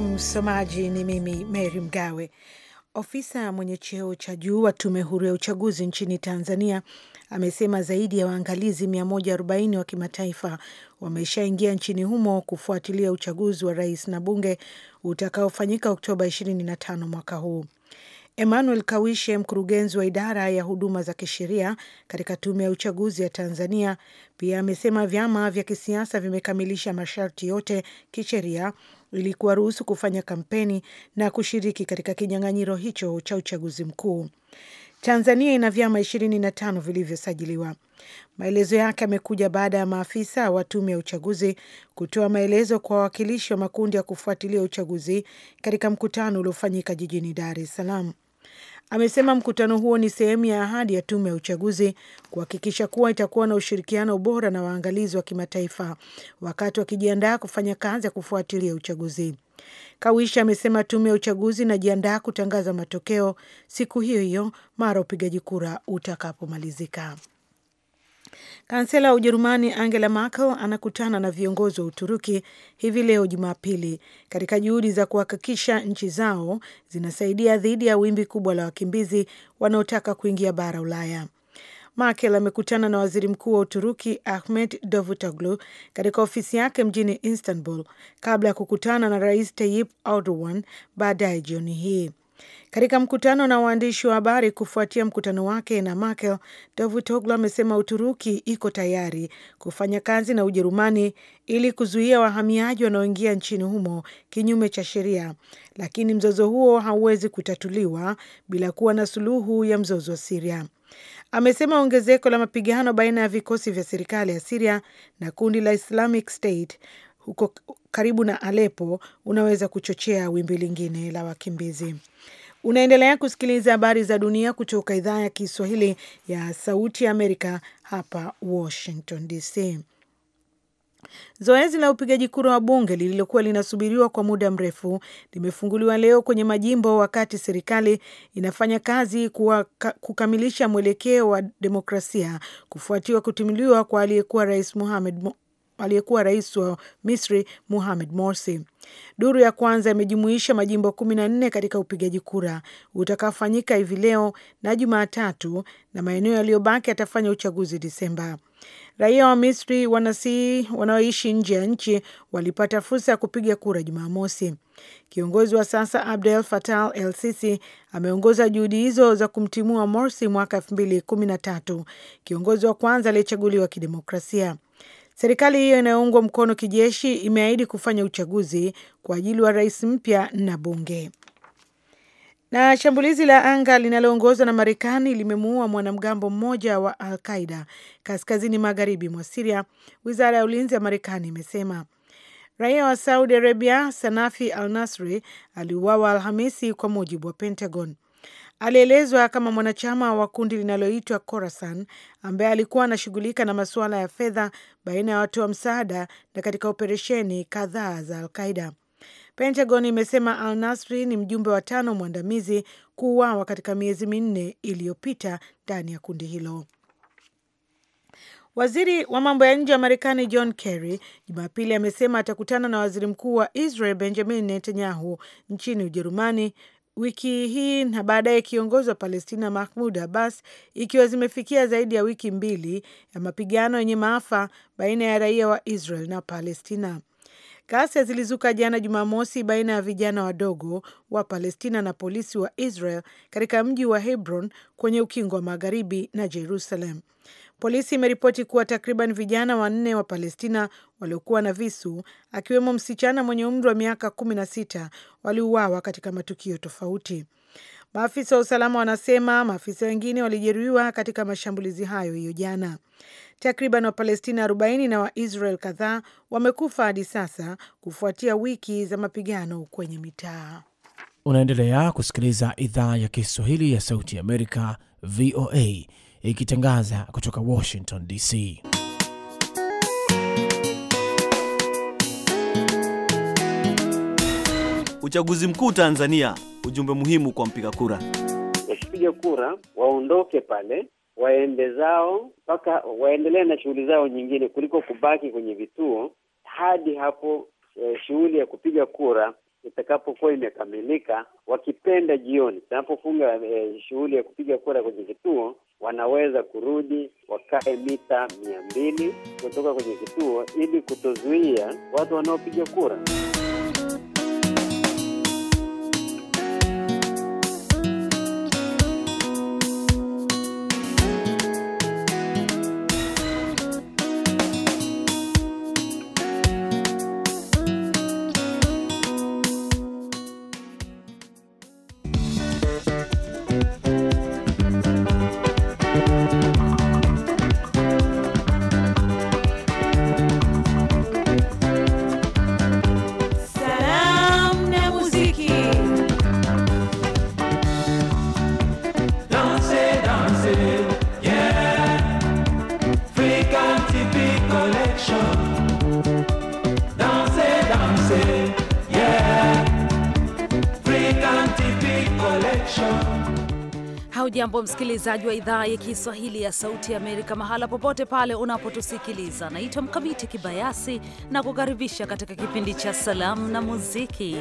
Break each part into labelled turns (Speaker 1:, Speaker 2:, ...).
Speaker 1: Msomaji ni mimi Mary Mgawe. Ofisa mwenye cheo cha juu wa tume huru ya uchaguzi nchini Tanzania amesema zaidi ya waangalizi 140 wa kimataifa wameshaingia nchini humo kufuatilia uchaguzi wa rais na bunge utakaofanyika Oktoba 25 mwaka huu. Emmanuel Kawishe, mkurugenzi wa idara ya huduma za kisheria katika tume ya uchaguzi ya Tanzania, pia amesema vyama vya kisiasa vimekamilisha masharti yote kisheria ili kuwaruhusu kufanya kampeni na kushiriki katika kinyang'anyiro hicho cha uchaguzi mkuu. Tanzania ina vyama ishirini na tano vilivyosajiliwa. Maelezo yake yamekuja baada ya maafisa wa tume ya uchaguzi kutoa maelezo kwa wawakilishi wa makundi ya kufuatilia uchaguzi katika mkutano uliofanyika jijini Dar es Salaam amesema mkutano huo ni sehemu ya ahadi ya tume ya uchaguzi kuhakikisha kuwa itakuwa na ushirikiano bora na waangalizi wa kimataifa wakati wakijiandaa kufanya kazi ya kufuatilia uchaguzi. Kawisha amesema tume ya uchaguzi inajiandaa kutangaza matokeo siku hiyo hiyo mara upigaji kura utakapomalizika. Kansela wa Ujerumani Angela Merkel anakutana na viongozi wa Uturuki hivi leo Jumapili katika juhudi za kuhakikisha nchi zao zinasaidia dhidi ya wimbi kubwa la wakimbizi wanaotaka kuingia bara Ulaya. Merkel amekutana na waziri mkuu wa Uturuki Ahmed Davutoglu katika ofisi yake mjini Istanbul kabla ya kukutana na rais Tayyip Erdogan baadaye jioni hii. Katika mkutano na waandishi wa habari kufuatia mkutano wake na Merkel, Davutoglu amesema Uturuki iko tayari kufanya kazi na Ujerumani ili kuzuia wahamiaji wanaoingia nchini humo kinyume cha sheria, lakini mzozo huo hauwezi kutatuliwa bila kuwa na suluhu ya mzozo wa Siria. Amesema ongezeko la mapigano baina ya vikosi vya serikali ya Siria na kundi la Islamic State huko karibu na Alepo unaweza kuchochea wimbi lingine la wakimbizi. Unaendelea kusikiliza habari za dunia kutoka idhaa ya Kiswahili ya Sauti ya Amerika hapa Washington DC. Zoezi la upigaji kura wa bunge lililokuwa linasubiriwa kwa muda mrefu limefunguliwa leo kwenye majimbo, wakati serikali inafanya kazi kuwa, kukamilisha mwelekeo wa demokrasia kufuatiwa kutimuliwa kwa aliyekuwa rais Mohamed aliyekuwa rais wa Misri muhamed Morsi. Duru ya kwanza imejumuisha majimbo kumi na nne katika upigaji kura utakaofanyika hivi leo na Jumatatu, na maeneo yaliyobaki yatafanya uchaguzi Disemba. Raia wa Misri wanasihi wanaoishi nje ya nchi walipata fursa ya kupiga kura Jumamosi. Kiongozi wa sasa Abdel Fattah El Sisi ameongoza juhudi hizo za kumtimua Morsi mwaka elfu mbili kumi na tatu, kiongozi wa kwanza aliyechaguliwa kidemokrasia. Serikali hiyo inayoungwa mkono kijeshi imeahidi kufanya uchaguzi kwa ajili wa rais mpya na bunge. Na shambulizi la anga linaloongozwa na Marekani limemuua mwanamgambo mmoja wa Al Qaida kaskazini magharibi mwa Siria, wizara ya ulinzi ya Marekani imesema. Raia wa Saudi Arabia Sanafi Al Nasri aliuawa Alhamisi, kwa mujibu wa Pentagon. Alielezwa kama mwanachama wa kundi linaloitwa Khorasan ambaye alikuwa anashughulika na masuala ya fedha baina ya watu wa msaada na katika operesheni kadhaa za Alqaida. Pentagon imesema Al Nasri ni mjumbe wa tano mwandamizi kuuawa katika miezi minne iliyopita ndani ya kundi hilo. Waziri wa mambo ya nje wa Marekani John Kerry Jumapili amesema atakutana na waziri mkuu wa Israel Benjamin Netanyahu nchini Ujerumani wiki hii na baadaye kiongozi wa Palestina Mahmud Abbas, ikiwa zimefikia zaidi ya wiki mbili ya mapigano yenye maafa baina ya raia wa Israel na Palestina. Ghasia zilizuka jana Jumamosi baina ya vijana wadogo wa Palestina na polisi wa Israel katika mji wa Hebron kwenye ukingo wa magharibi na Jerusalem. Polisi imeripoti kuwa takriban vijana wanne wa Palestina waliokuwa na visu, akiwemo msichana mwenye umri wa miaka kumi na sita, waliuawa katika matukio tofauti. Maafisa wa usalama wanasema maafisa wengine walijeruhiwa katika mashambulizi hayo hiyo jana. Takriban Wapalestina 40 na Waisrael kadhaa wamekufa hadi sasa kufuatia wiki za mapigano kwenye mitaa.
Speaker 2: Unaendelea kusikiliza idhaa ya Kiswahili ya Sauti ya Amerika, VOA ikitangaza kutoka Washington DC.
Speaker 3: Uchaguzi mkuu Tanzania, ujumbe muhimu kwa mpiga kura:
Speaker 2: wasipige kura, waondoke pale waende zao mpaka waendelee na shughuli zao nyingine, kuliko kubaki kwenye vituo hadi hapo eh, shughuli ya kupiga kura itakapokuwa imekamilika, wakipenda jioni, tunapofunga eh, shughuli ya kupiga kura kwenye vituo, wanaweza kurudi wakae mita mia mbili kutoka kwenye kituo ili kutozuia watu wanaopiga kura.
Speaker 4: Hujambo msikilizaji wa idhaa ya Kiswahili ya Sauti ya Amerika, mahala popote pale unapotusikiliza. Naitwa Mkamiti Kibayasi na kukaribisha katika kipindi cha Salamu na Muziki.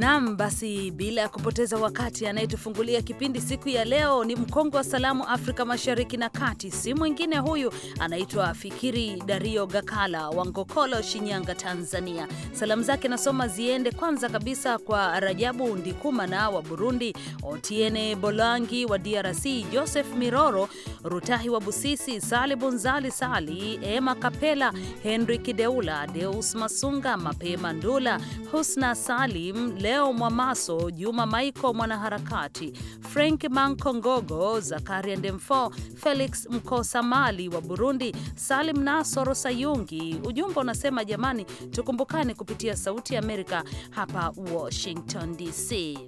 Speaker 4: Nam, basi bila ya kupoteza wakati, anayetufungulia kipindi siku ya leo ni mkongwe wa salamu Afrika Mashariki na Kati, si mwingine huyu, anaitwa Fikiri Dario Gakala wa Ngokolo, Shinyanga, Tanzania. Salamu zake nasoma ziende kwanza kabisa kwa Rajabu Ndikumana wa Burundi, Otiene Bolangi wa DRC, Joseph Miroro Rutahi wa Busisi, Sali Bunzali Sali, Emma Kapela, Henri Kideula, Deus Masunga, Mapema Ndula, Husna Salim Leo Mwamaso, Juma Maiko mwanaharakati, Frank Mankongogo, Zakaria Ndemfo, Felix Mkosa Mali wa Burundi, Salim Nasoro Sayungi. Ujumbe unasema jamani, tukumbukane kupitia Sauti ya Amerika hapa Washington DC.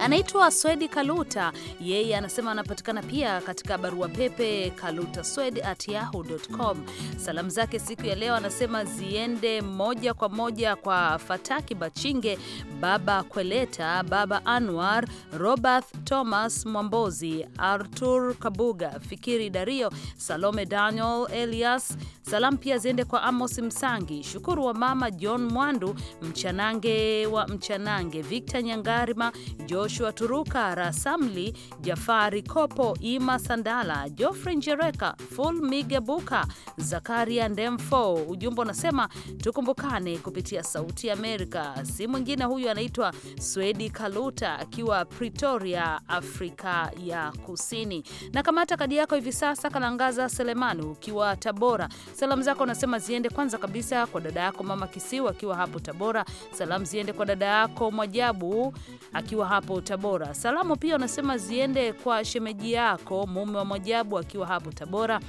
Speaker 4: Anaitwa Swedi Kaluta, yeye anasema anapatikana pia katika barua pepe kalutaswed@yahoo.com. Salamu zake siku ya leo anasema ziende moja kwa moja kwa Fataki Bachinge, Baba Kweleta, Baba Anwar, Robert Thomas Mwambozi, Artur Kabuga, Fikiri Dario, Salome Daniel Elias. Salamu pia ziende kwa Amos Msangi, Shukuru wa mama John Mwandu, Mchanange wa Mchanange, Victor Nyangarima, George Joshua Turuka, Rasamli Jafari Kopo, Ima Sandala, Geoffrey Njereka, Full Migebuka, Zakaria Ndemfo. Ujumbe unasema tukumbukane kupitia Sauti ya Amerika. Si mwingine huyu, anaitwa Swedi Kaluta akiwa Pretoria, Afrika ya Kusini. Na kamata kadi yako hivi sasa, Kalangaza Selemani ukiwa Tabora. Salamu zako unasema ziende kwanza kabisa kwa dada yako mama Kisiwa akiwa hapo Tabora. Salamu ziende kwa dada yako Mwajabu akiwa hapo Tabora. Salamu pia anasema ziende kwa shemeji yako mume wa Mwajabu akiwa hapo Tabora,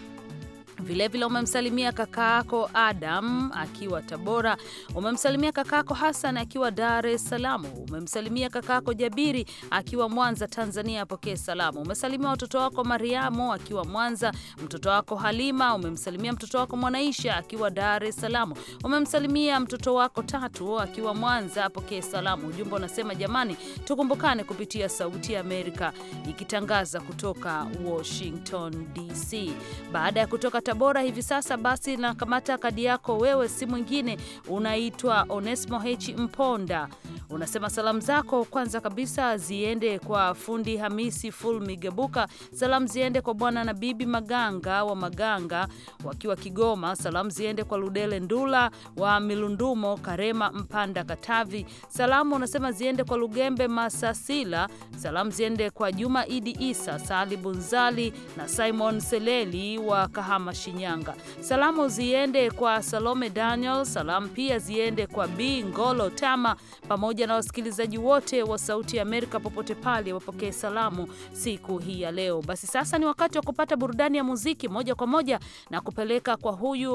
Speaker 4: Vilevile umemsalimia kakaako Adam akiwa Tabora, umemsalimia kakaako Hasan akiwa Dar es Salaam, umemsalimia yako Jabiri akiwa Mwanza, Tanzania, apokee salamu. Umesalimia watoto wako Mariamu akiwa Mwanza, mtoto wako Halima, umemsalimia mtoto wako Mwanaisha akiwa Dar es Salaam, umemsalimia mtoto wako Tatu akiwa Mwanza, apokee salamu. Ujumbe unasema jamani, tukumbukane kupitia Sauti ya Amerika ikitangaza kutoka Washington DC. Baada ya kutoka Tabora hivi sasa, basi na kamata kadi yako wewe, si mwingine unaitwa Onesmo H Mponda. Unasema salamu zako kwanza kabisa ziende kwa fundi Hamisi Ful Migebuka, salamu ziende kwa bwana na bibi Maganga wa Maganga wakiwa Kigoma, salamu ziende kwa Ludele Ndula wa Milundumo, Karema, Mpanda, Katavi. Salamu unasema ziende kwa Lugembe Masasila, salamu ziende kwa Juma Idi Isa, Sali Bunzali na Simon Seleli wa Kahama Shinyanga. Salamu ziende kwa Salome Daniel, salamu pia ziende kwa B Ngolo Tama pamoja na wasikilizaji wote wa Sauti ya Amerika popote pale, wapokee salamu siku hii ya leo. Basi sasa ni wakati wa kupata burudani ya muziki moja kwa moja na kupeleka kwa huyu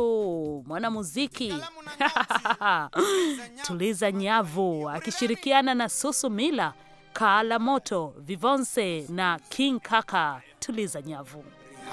Speaker 4: mwanamuziki Tuliza Nyavu akishirikiana na Susu Mila, Kaala Moto, Vivonse na King Kaka. Tuliza Nyavu.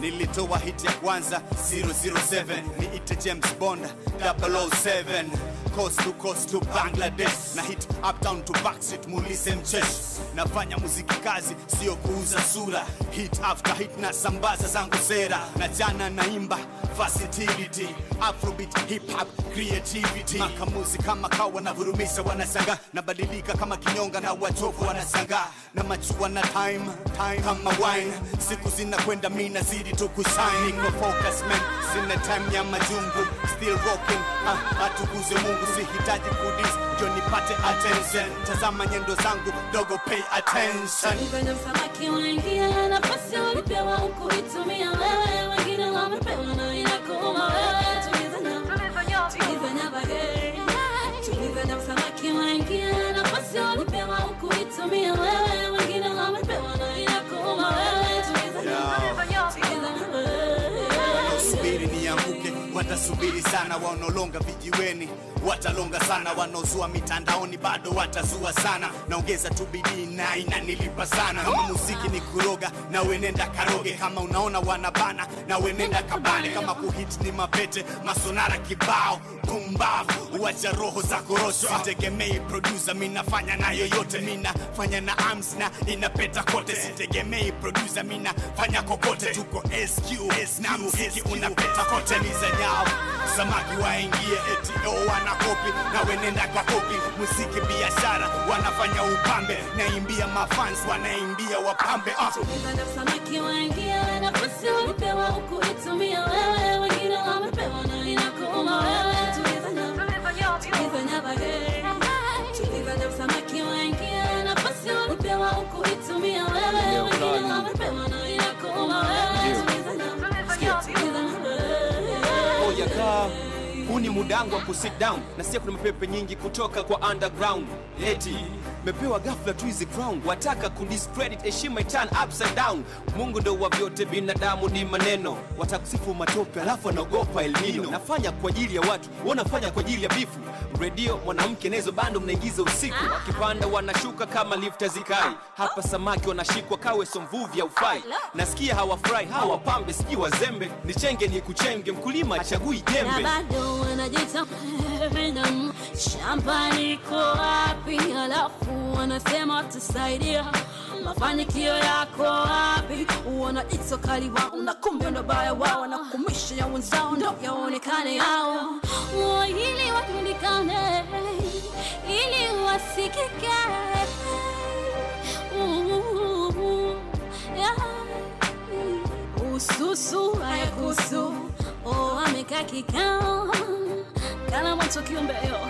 Speaker 3: nilitoa hit ya kwanza 007 niite James Bond 007 coast to coast to Bangladesh na hit uptown to backseat mulise mchesh nafanya muziki kazi sio kuuza sura hit after hit na sambaza zangu sera na jana naimba versatility afrobeat hip hop creativity makamuzi kama kawa na vurumisha wanashangaa nabadilika kama kinyonga na watovu wanasanga na machua na time, time kama wine siku zinakwenda mimi nazidi inabidi tukusanye kwa focus man, sina time ya majungu, still walking ah, atukuze Mungu, sihitaji kudis ndio nipate attention. Tazama nyendo zangu dogo, pay attention.
Speaker 5: samaki unaingia ulipewa wewe, wengine wamepewa na
Speaker 3: watasubiri sana wanaolonga vijiweni, watalonga sana wanaozua mitandaoni, bado watazua sana. Naongeza tu bidii na inanilipa sana. Kama muziki ni kuroga, na wenenda karoge. Kama unaona wanabana, na wenenda kabane. Kama kuhit ni mapete, masonara kibao, kumbavu wacha roho za korosho. Sitegemei producer, minafanya na yoyote, minafanya na arms na inapeta kote. Sitegemei producer, minafanya kokote, tuko SQ na muziki unapeta kote, mizanyao samaki waingie eto oh, wanakopi na wenenda kwa kopi musiki biashara wanafanya upambe naimbia mafans wanaimbia wapambe uh.
Speaker 5: samaki waingie wanakosi walipewa huku wewe wengine wamepewa na
Speaker 3: Huu ni muda wangu wa kusit down na sikia, kuna mapepe nyingi kutoka kwa underground eti mepewa ghafla tu hizi crown, wataka kudiscredit heshima itan upside down. Mungu ndo wa vyote, binadamu ni maneno, watakusifu matope, alafu anaogopa El Nino. Nafanya kwa ajili ya watu, wanafanya kwa ajili ya bifu. Redio mwanamke nazo bando mnaingiza usiku, wakipanda wanashuka kama lifta zikai. Hapa samaki wanashikwa kawe, so mvuvi haufai. Nasikia hawafurahi hawa pambe, sijui wazembe, nichenge ni kuchenge, mkulima achagui jembe
Speaker 5: wanajiita Benam, shamba liko wapi? Halafu wanasema watusaidia, mafanikio yako wapi? Wanajiita kali wao na kumbe ndo wao, na kumisha ya wenzao ndo yaonekane yao, ili wajulikane, ili wasikike ususu hayakusu oh, amekaa kikao kana matukio mbeo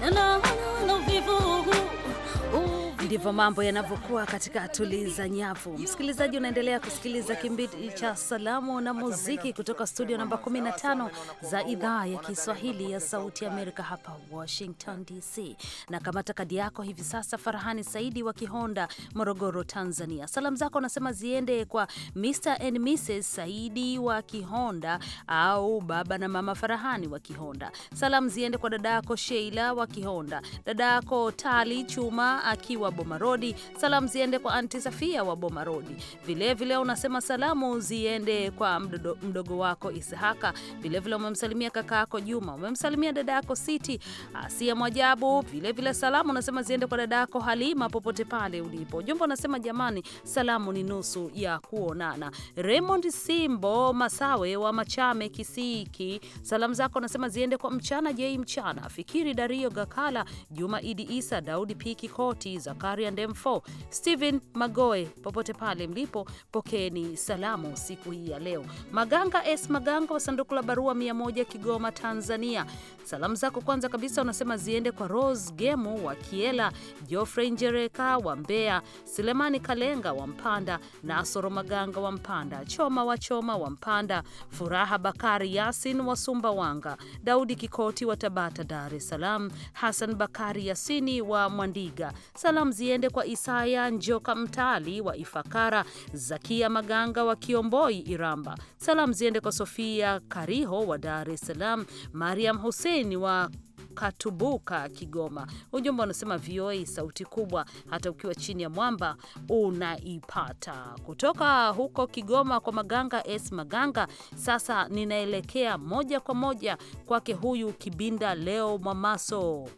Speaker 4: na naona uvivu huu oh. Ndivyo mambo yanavyokuwa katika tuliza nyavu. Msikilizaji, unaendelea kusikiliza kipindi cha salamu na muziki kutoka studio namba 15 za idhaa ya Kiswahili ya Sauti Amerika hapa Washington DC, na kamata kadi yako hivi sasa. Farahani Saidi wa Kihonda, Morogoro, Tanzania, salamu zako anasema ziende kwa Mr and Mrs Saidi wa Kihonda au baba na mama Farahani wa Kihonda. Salamu ziende kwa dada yako Sheila wa Kihonda, dada yako Tali Chuma akiwa Bomarodi. Salamu ziende kwa anti Safia wa Bomarodi, vilevile unasema salamu ziende kwa mdodo, mdogo wako Ishaka, vilevile umemsalimia kaka yako Juma, umemsalimia dada yako Siti Asia Mwajabu, vilevile salamu unasema ziende kwa dada yako Halima popote pale ulipo. Ujumbe unasema jamani, salamu ni nusu ya kuonana. Raymond Simbo Masawe wa Machame Kisiki, salamu zako unasema ziende kwa mchana Jei, mchana Fikiri Dario Gakala, Juma Idi Isa, Daudi Piki Koti, Zaka Zakaria Ndemfo, Stephen Magoe, popote pale mlipo, pokeeni salamu siku hii ya leo. Maganga S Maganga wa sanduku la barua 100 Kigoma, Tanzania. Salamu zako kwanza kabisa unasema ziende kwa Rose Gemu wa Kiela, Geoffrey Njereka wa Mbeya, Selemani Kalenga wa Mpanda, Nasoro Maganga wa Mpanda, Choma wa Choma wa Mpanda, Furaha Bakari Yasin wa Sumbawanga, Daudi Kikoti wa Tabata, Dar es Salaam, Hassan Bakari Yasini wa Mwandiga. Salamu ziende kwa Isaya Njoka Mtali wa Ifakara, Zakia Maganga wa Kiomboi Iramba. Salamu ziende kwa Sofia Kariho wa Dar es Salaam, Mariam Hussein wa Katubuka Kigoma. Ujumbe unasema VOA sauti kubwa, hata ukiwa chini ya mwamba unaipata. Kutoka huko Kigoma kwa Maganga S Maganga. Sasa ninaelekea moja kwa moja kwake huyu Kibinda Leo Mwamaso.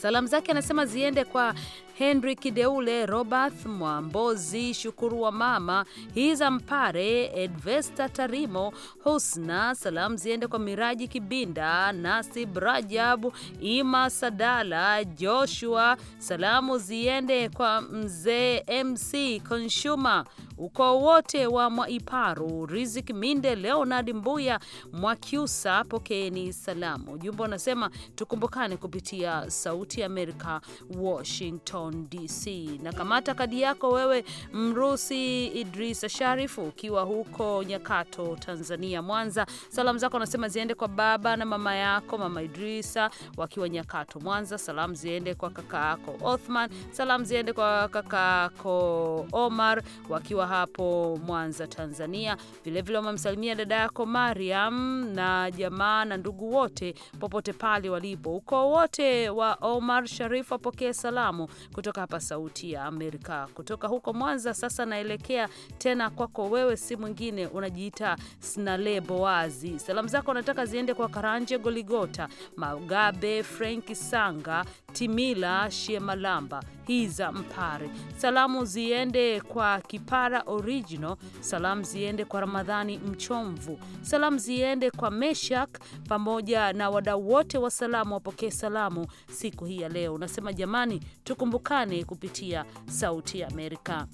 Speaker 4: Salamu zake anasema ziende kwa Henry Kideule, Robert Mwambozi, Shukuru wa Mama Hiza Mpare, Edvesta Tarimo, Husna. Salamu ziende kwa Miraji Kibinda, Nasib rajab Ima Sadala, Joshua. Salamu ziende kwa mzee MC Consumer ukoo wote wa Mwaiparu, Rizik Minde, Leonard Mbuya, Mwakyusa, pokeeni salamu. Ujumbe unasema tukumbukane kupitia Sauti ya Amerika, Washington Washington DC. Na kamata kadi yako wewe, Mrusi Idrisa Sharifu, ukiwa huko Nyakato, Tanzania, Mwanza. Salamu zako anasema ziende kwa baba na mama yako, mama Idrisa wakiwa Nyakato, Mwanza. Salamu ziende kwa kaka yako Othman. Salamu ziende kwa kaka yako Omar wakiwa hapo Mwanza, Tanzania. Vilevile wamemsalimia dada yako Mariam na jamaa na ndugu wote popote pale walipo. Ukoo wote wa Omar Sharif wapokee salamu kutoka hapa Sauti ya Amerika. Kutoka huko Mwanza sasa naelekea tena kwako wewe, si mwingine, unajiita Snale Boazi. Salamu zako nataka ziende kwa Karanje Goligota, Magabe Frenki Sanga, Timila Shiemalamba, Hiza Mpare. Salamu ziende kwa Kipara Original, salamu ziende kwa Ramadhani Mchomvu, salamu ziende kwa Meshak pamoja na wadau wote wa salamu, wapokee salamu siku hii ya leo. Unasema jamani, tukumbuke Tukane kupitia Sauti ya Amerika.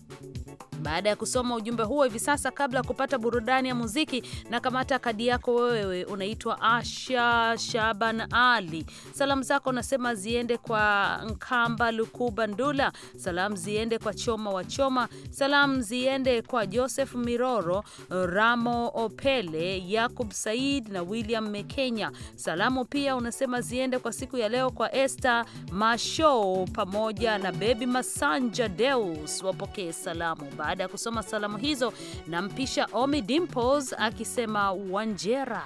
Speaker 4: Baada ya kusoma ujumbe huo, hivi sasa, kabla ya kupata burudani ya muziki, na kamata kadi yako wewe. Unaitwa Asha Shaban Ali, salamu zako unasema ziende kwa Nkamba Lukuba Ndula, salamu ziende kwa Choma wa Choma, salamu ziende kwa Joseph Miroro, Ramo Opele, Yakub Said na William Mekenya. Salamu pia unasema ziende kwa siku ya leo kwa Esther Masho pamoja na Baby Masanja Deus, wapokee salamu baada baada ya kusoma salamu hizo, nampisha Omi Dimples akisema Wanjera.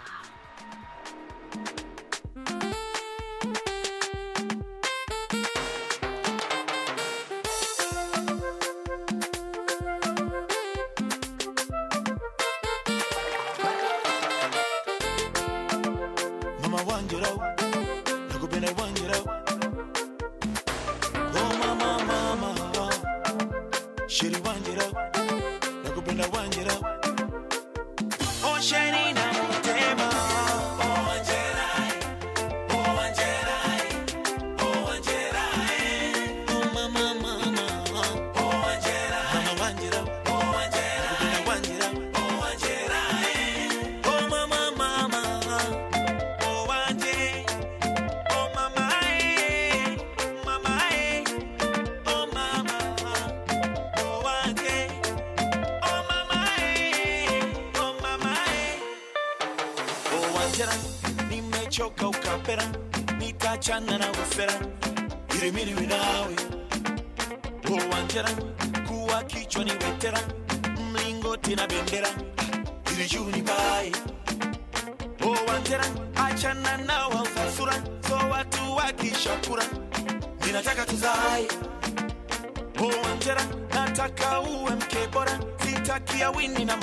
Speaker 6: ukachoka ukapera, nitachana na ufera, ilimirimi nawe uwanjera, kuwa kichwa ni wetera, mlingoti na bendera, ili juu ni uwanjera, achana nao hausasura, so watu wakishakura, ninataka tuzae uwanjera, nataka uwe mke bora, sitaki na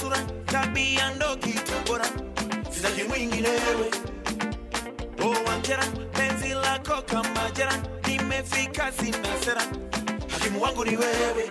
Speaker 6: sura, tabia ndo kitu bora, sitaki mwinginewe. Oh, wanjera, penzi lako kama jera, nimefika sina sera, hakimu wangu ni wewe.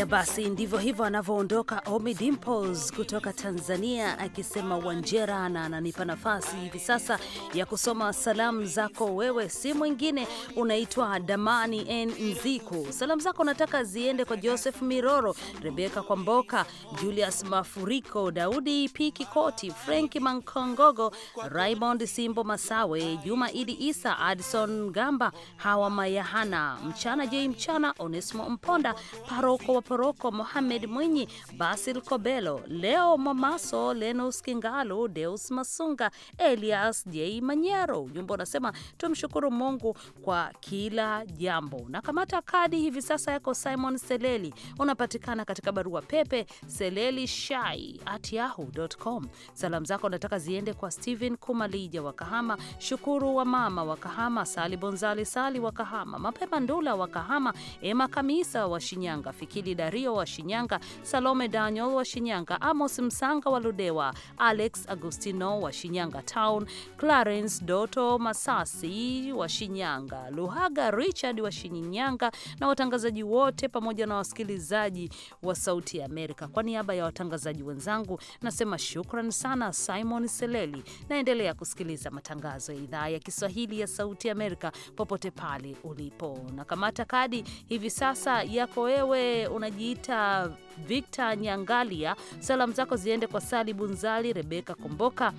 Speaker 4: Haya basi, ndivyo hivyo anavyoondoka Omi Dimples kutoka Tanzania akisema Wanjera, na ananipa nafasi hivi sasa ya kusoma salamu zako. Wewe si mwingine unaitwa Damani N Nziku. Salamu zako nataka ziende kwa Joseph Miroro, Rebeka Kwamboka, Julius Mafuriko, Daudi P Kikoti, Franki Mankongogo, Raymond Simbo Masawe, Juma Idi Isa, Adison Gamba, Hawa Mayahana, Mchana J Mchana, Onesimo Mponda, Paroko wa Poroko Mohamed Mwinyi, Basil Kobelo, Leo Mamaso, Lenus kingalu Deus Masunga, Elias J Manyero. Ujumbe unasema tumshukuru Mungu kwa kila jambo. Na kamata kadi hivi sasa yako Simon Seleli, unapatikana katika barua pepe seleli shai at yahoo.com. Salamu zako nataka ziende kwa Steven Kumalija wa Kahama, Shukuru wa mama wa Kahama, Sali Bonzali Sali wa Kahama, Mapema Ndula wa Kahama, Ema Kamisa wa Shinyanga, Fikili Dario wa Shinyanga, Salome Daniel wa Shinyanga, Amos Msanga wa Ludewa, Alex Agustino wa Shinyanga Town, Clarence Doto Masasi wa Shinyanga, Luhaga Richard wa Shinyanga na watangazaji wote pamoja na wasikilizaji wa Sauti ya Amerika. Kwa niaba ya watangazaji wenzangu nasema shukran sana Simon Seleli. Naendelea kusikiliza matangazo ya idhaa ya Kiswahili ya Sauti ya Amerika popote pale ulipo. Nakamata kadi hivi sasa yako wewe una anajiita Victor Nyangalia. Salamu zako ziende kwa Sali Bunzali, Rebeka Komboka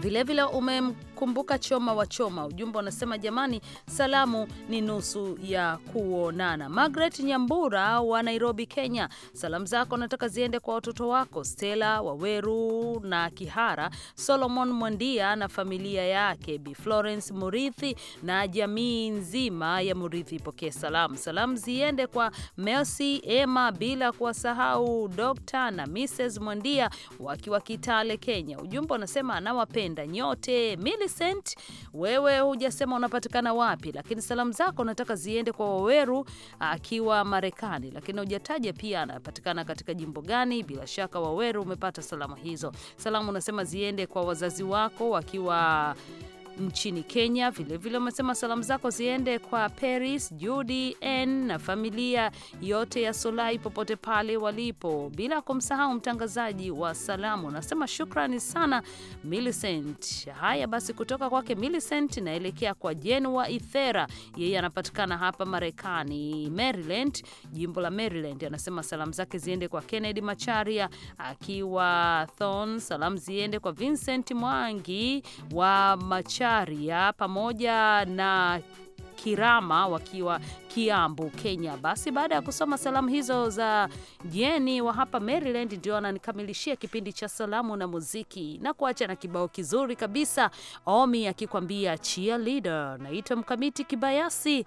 Speaker 4: vilevile ume kumbuka choma wa choma. Ujumbe unasema jamani, salamu ni nusu ya kuonana. Margaret Nyambura wa Nairobi, Kenya, salamu zako nataka ziende kwa watoto wako Stella Waweru na Kihara, Solomon Mwandia na familia yake, Bi Florence Murithi na jamii nzima ya Murithi ipokee salamu. Salamu ziende kwa Mercy Emma, bila kuwasahau Dr. na Mrs. Mwandia wakiwa Kitale, Kenya. Ujumbe unasema anawapenda nyote mili Vincent, wewe hujasema unapatikana wapi, lakini salamu zako nataka ziende kwa Waweru ah, akiwa Marekani, lakini hujataja pia anapatikana katika jimbo gani. Bila shaka Waweru, umepata salamu hizo. Salamu unasema ziende kwa wazazi wako wakiwa nchini Kenya. Vilevile umesema salamu zako ziende kwa Paris, Judy n na familia yote ya Solai popote pale walipo, bila kumsahau mtangazaji wa salamu. Nasema shukrani sana Millicent. Haya basi, kutoka kwake Millicent naelekea kwa Jenua Ithera, yeye anapatikana hapa Marekani, Maryland, jimbo la Maryland. Anasema salamu zake ziende kwa Kennedy Macharia akiwa Thon, salamu ziende kwa Vincent Mwangi wa Macharia Charia pamoja na Kirama wakiwa Kiambu, Kenya. Basi baada ya kusoma salamu hizo za Jeni wa hapa Maryland, ndio ananikamilishia kipindi cha salamu na muziki na kuacha na kibao kizuri kabisa, Omi akikwambia cheerleader. Naitwa Mkamiti Kibayasi.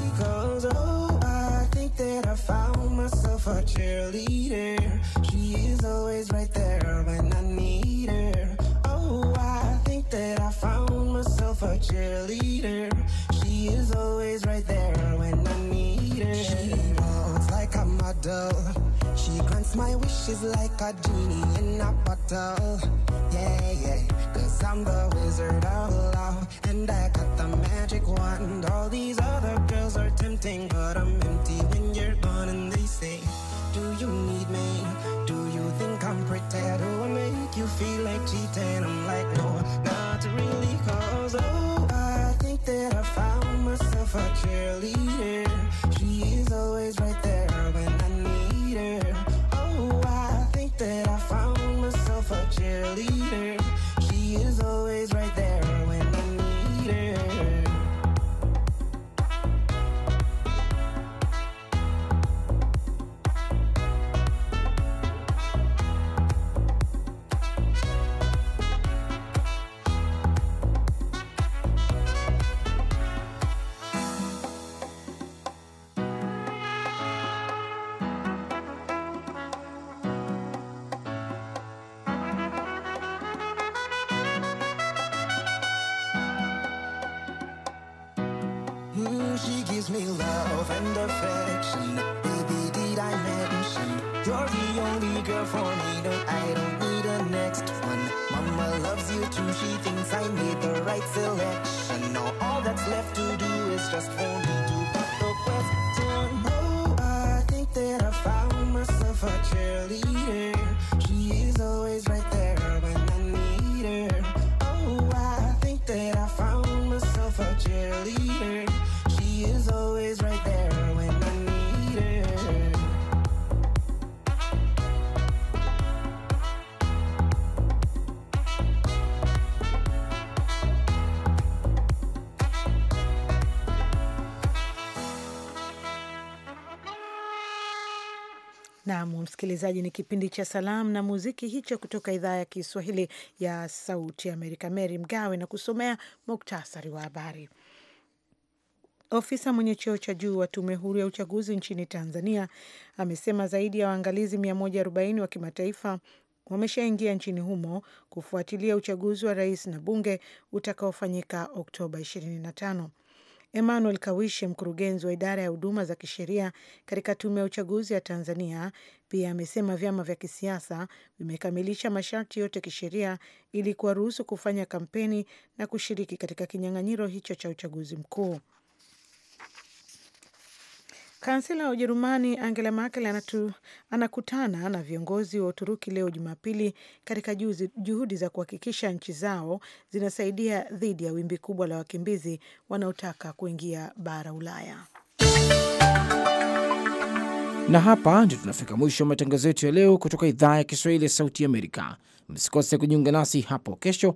Speaker 7: cheerleader. She is always right there when I need her. Oh, I think that I found myself a cheerleader. She is always right there when I need her. She walks like a model. She grants my wishes like a genie in a bottle. Yeah, yeah. Cause I'm the wizard of love. And I got the magic wand. All these other girls are tempting, but I'm empty when you're gone and they say. Do you need me? Do you think I'm prettier? Do I make you feel like cheating? I'm like, no, not really, cause oh, I think that I found myself a cheerleader. She is always right there when I need her. Oh, I think that I found myself a cheerleader. leader.
Speaker 1: msikilizaji, ni kipindi cha salamu na muziki hicho kutoka idhaa ya Kiswahili ya Sauti ya Amerika. Mary Mgawe na kusomea muktasari wa habari. Ofisa mwenye cheo cha juu wa tume huru ya uchaguzi nchini Tanzania amesema zaidi ya waangalizi 140 wa kimataifa wameshaingia nchini humo kufuatilia uchaguzi wa rais na bunge utakaofanyika Oktoba Emmanuel kawishe mkurugenzi wa idara ya huduma za kisheria katika Tume ya Uchaguzi ya Tanzania, pia amesema vyama vya kisiasa vimekamilisha masharti yote kisheria ili kuwaruhusu kufanya kampeni na kushiriki katika kinyang'anyiro hicho cha uchaguzi mkuu. Kansela wa Ujerumani Angela Merkel anatu, anakutana na viongozi wa Uturuki leo Jumapili katika juhudi za kuhakikisha nchi zao zinasaidia dhidi ya wimbi kubwa la wakimbizi wanaotaka kuingia bara Ulaya.
Speaker 2: Na hapa ndio tunafika mwisho wa matangazo yetu ya leo kutoka idhaa ya Kiswahili ya Sauti Amerika. Msikose kujiunga nasi hapo kesho